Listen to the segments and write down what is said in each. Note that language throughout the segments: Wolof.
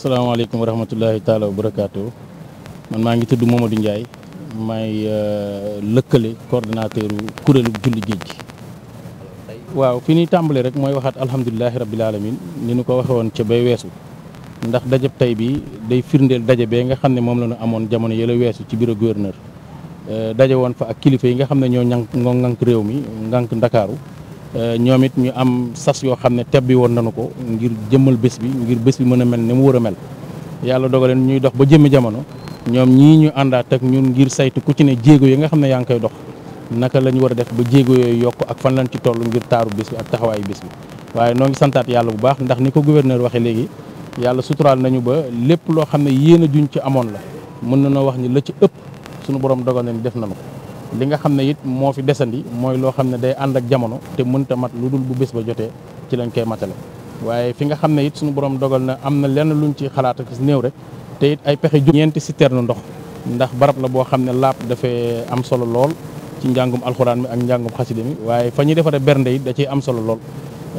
asalaamaaleykum wa rahmatullahi taala barakaatu man maa ngi tudd Momadou Ndiaye maay euh, lëkkale coordonnateur kuréelu julli géej gi waaw fi ñuy tàmbale rek mooy waxaat alhamdulilahi rabil alamin ni ñu ko waxee woon ca bay weesu ndax dajab tey bi day firndeel daje bee nga xam ne moom la ñu amoon jamono yële weesu ci bureau gouverneur euh, daje woon fa ak kilifa yi nga xam ne ñoo ñànk ngoo ngànk réew mi ngànk ndakaaru Euh, ñoom it ñu am sas yoo xam ne bi woon nañu ko ngir jëmal bés bi ngir bés bi mën a mel ni mu war a mel yàlla dogaleen ñuy dox ba jëmmi jamono ñoom ñii ñu àndaat ak ñun ngir saytu ku ci ne jéego yi nga xam ne yaa ngi koy dox naka la ñu war a def ba jéego yooyu yokk ak fan lañ ci toll ngir taaru bés bi ak taxawaayu bés bi waaye noo ngi santaat yàlla bu baax ndax ni ko gouverneur waxee léegi yàlla suturaal nañu ba lépp loo xam ne yéen a juñ ci amoon la mën na noo wax ni la ci ëpp suñu borom dogal na def nañu ko li nga xam ne it moo fi desandi mooy loo xam ne day ànd ak jamono te mënta mat lu dul bu bés ba jotee ci lañ koy matale waaye fi nga xam ne it suñu borom dogal na am na lenn luñ ci xalaat ak néew rek te it ay pexe ju ñeenti citerne ndox ndax barab la boo xam ne laab dafay am solo lool ci njàngum alxuraan mi ak njàngum xasida mi waaye fa ñuy defaree bernde it da am solo lool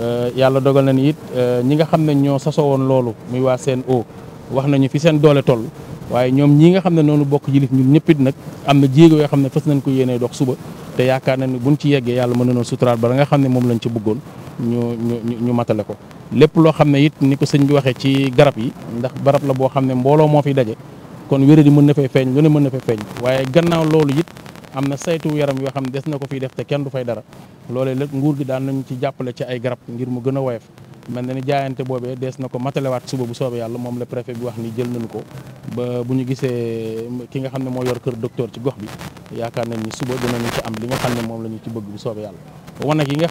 euh, yàlla dogal na ni it euh, ñi nga xam ne ñoo sasoo woon loolu muy waa CNO wax nañu fi seen doole toll waaye ñoom ñii nga xam ne noonu bokk jilif ñun ñëpp it nag am na jéego yoo xam ne fas nañ ko yéenee dox suba te yaakaar nañ ne buñ ci yeggee yàlla mën nañoo suturaal ba nga xam ne moom lañ ci bëggoon ñu ñu ñu matale ko. lépp loo xam ne it ni ko sëñ bi waxee ci garab yi ndax barab la boo xam ne mbooloo moo fi daje kon wéré di mën na fay feeñ lu ne mën na fay feeñ waaye gannaaw loolu it am na saytu yaram yoo xam ne des na ko fiy def te kenn du fay dara loolee lépp nguur gi daan nañ ci jàppale ci ay garab ngir mu gën a woyof mel na ni jaayante boobee dees na ko matalewaat suba bu soobee yàlla moom la préfet bi wax ni jël nañu ko ba bu ñu gisee ki nga xam ne moo yor kër docteur ci gox bi yaakaar nañ ni suba dinañu ci am li nga xam ne la ñu ci bëgg bu na ci ñoo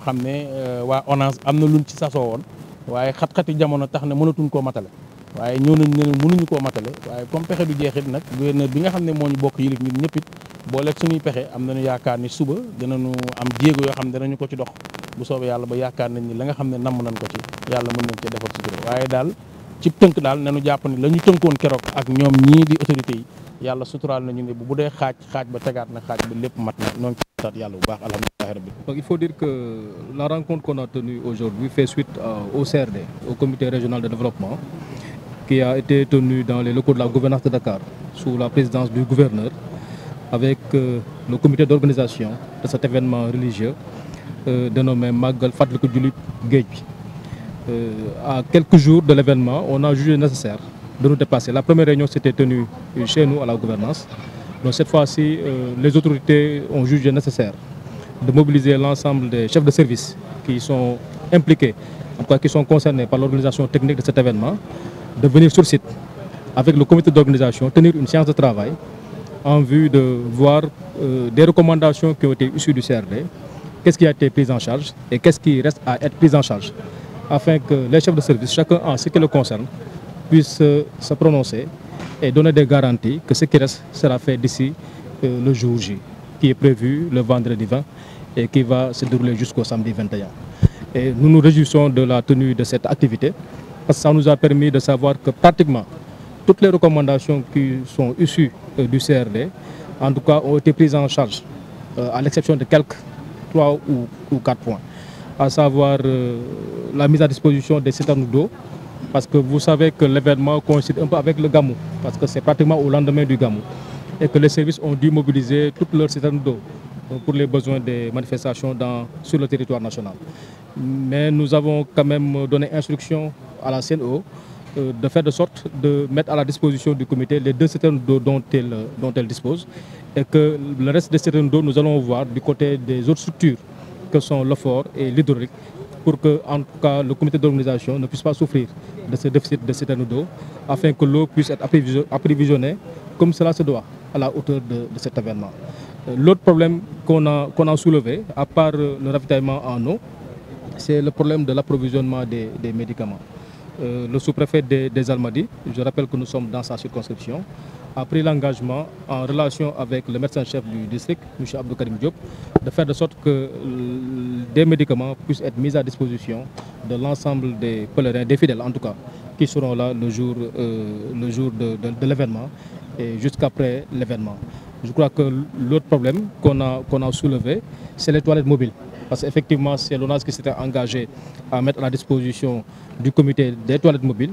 xam ne euh, waa ONAS am na luñ ci sasoo woon waaye xat-xati jamono tax ne mënatuñ koo matale waaye ñëw nañ ne mënuñu koo matale waaye comme pexe bi jeexit nag gouverneur bi moo ñu bokk yilif ñun ñëpp booleeg suñuy pexe am nañu yaakaar ni suba dinañu am jéego yoo xam ne dana danañu ko ci dox bu soobee yàlla ba yaakaar nañ ni la nga xam ne namm nañ ko ci yàlla mën nañ cee waaye daal ci tënk daal nañu jàpp ni la ñu tënkoon keroog ak ñoom ñii di autorités yi yàlla suturaal nañu ne bu dee xaaj xaaj ba tegaat na xaaj ba lépp mat na noonu ci yàlla bu baax alhamdulilah rabbi donc il faut dire que la rencontre qu'on a tenue aujourd'hui fait suite euh, au CRD au comité régional de développement qui a été la gouvernance de Dakar avec le euh, comité d'organisation de cet événement religieux euh, dénommé Magal Fàttaliku Julli Géej bi à quelques jours de l'événement on a jugé nécessaire de nous dépasser la première réunion s'était tenue chez nous à la gouvernance donc cette fois-ci euh, les autorités ont jugé nécessaire de mobiliser l'ensemble des chefs de service qui sont impliqués en tout cas qui sont concernés par l'organisation technique de cet événement de venir sur site avec le comité d'organisation tenir une séance de en vue de voir euh, des recommandations qui ont été issues du CRD, qu'est-ce qui a été pris en charge et qu'est-ce qui reste à être pris en charge, afin que les chefs de service, chacun en ce qui le concerne, puisse euh, se prononcer et donner des garanties que ce qui reste sera fait d'ici euh, le jour J, qui est prévu le vendredi 20 et qui va se dérouler jusqu'au samedi Et nous nous réjouissons de la tenue de cette activité, parce que ça nous a permis de savoir toutes les recommandations qui sont issues euh, du CRD, en tout cas, ont été prises en charge, euh, à l'exception de quelques trois ou, quatre points, à savoir euh, la mise à disposition des citernes d'eau, parce que vous savez que l'événement coïncide un peu avec le Gamou, parce que c'est pratiquement au lendemain du Gamou, et que les services ont dû mobiliser toutes leurs citernes d'eau pour les besoins des manifestations dans, sur le territoire national. Mais nous avons quand même donné à la CNO e Euh, de faire de sorte de mettre à la disposition du comité les deux citernes d'eau dont elle, dont elle dispose et que le reste des citernes d'eau, nous allons voir du côté des autres structures que sont l'OFOR et l'hydraulique pour que, en tout cas, le comité d'organisation ne puisse pas souffrir de ce déficit de citernes d'eau afin que l'eau puisse être approvisionnée comme cela se doit à la hauteur de, de cet événement. Euh, problème qu'on a, qu'on à part euh, le ravitaillement en eau, c'est le problème de l'approvisionnement de des médicaments. euh, le sous-préfet des, des Almadies, je rappelle que nous sommes dans sa circonscription, a pris l'engagement en relation avec le médecin-chef du district, M. Abdou Karim Diop, de faire de sorte que euh, des médicaments puissent être mis à disposition de l'ensemble des pèlerins, des fidèles en tout cas, qui seront là le jour, euh, de, de, de l'événement et jusqu'après l'événement. Je crois que l'autre problème qu'on a, qu'on a soulevé, c'est les toilettes mobiles. Parce qu'effectivement, c'est l'ONAS qui s'était engagé à mettre à la disposition du comité des toilettes mobiles.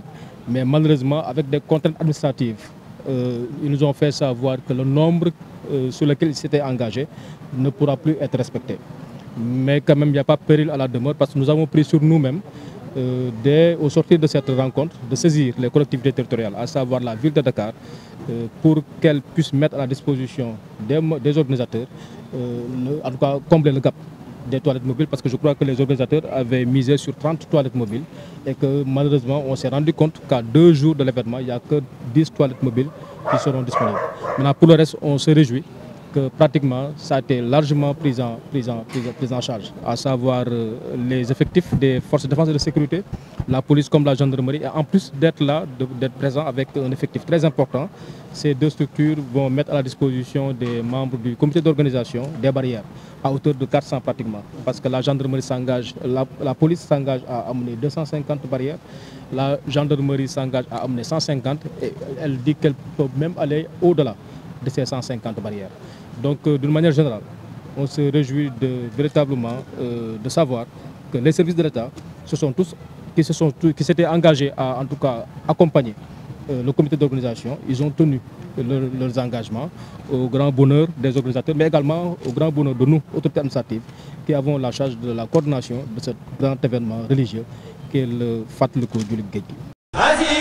Mais malheureusement, avec des contraintes administratives, euh, ils nous ont fait savoir que le nombre euh, sur lequel ils s'étaient engagés ne pourra plus être respecté. Mais quand même, il n'y a pas péril à la demeure parce que nous avons pris sur nous-mêmes euh, de cette rencontre, de saisir les collectivités territoriales, à savoir la ville de Dakar, euh, pour qu'elles puissent la disposition des, des organisateurs, tout cas combler des toilettes mobiles parce que je crois que les organisateurs avaient misé sur 30 toilettes mobiles et que malheureusement on s'est rendu compte qu'à deux jours de l'événement, il n'y a que 10 toilettes mobiles qui seront disponibles. Maintenant, pour le reste, on se réjouit que pratiquement ça a été largement pris en, pris en, charge, à savoir euh, les effectifs des forces de défense et de sécurité, la police comme la gendarmerie, et en plus d'être là, d'être présent avec un effectif très important, ces deux structures vont mettre à la disposition des membres du comité d'organisation des barrières, à hauteur de 400 pratiquement, parce que la gendarmerie s'engage, la, la police s'engage à amener 250 barrières, la à amener 150 et elle dit qu'elle peut même aller au-delà de ces 150 barrières. Donc, euh, d'une manière générale, on se réjouit de, véritablement euh, de savoir que les services de l'État se sont tous qui se sont tous, qui s'étaient engagés à en tout cas accompagner euh, le comité d'organisation. Ils ont tenu leur, leurs engagements au grand bonheur des organisateurs, mais également au grand bonheur de nous, autorités administratives, qui avons la charge de la coordination de ce grand événement religieux qu'est le Fatluko Djulik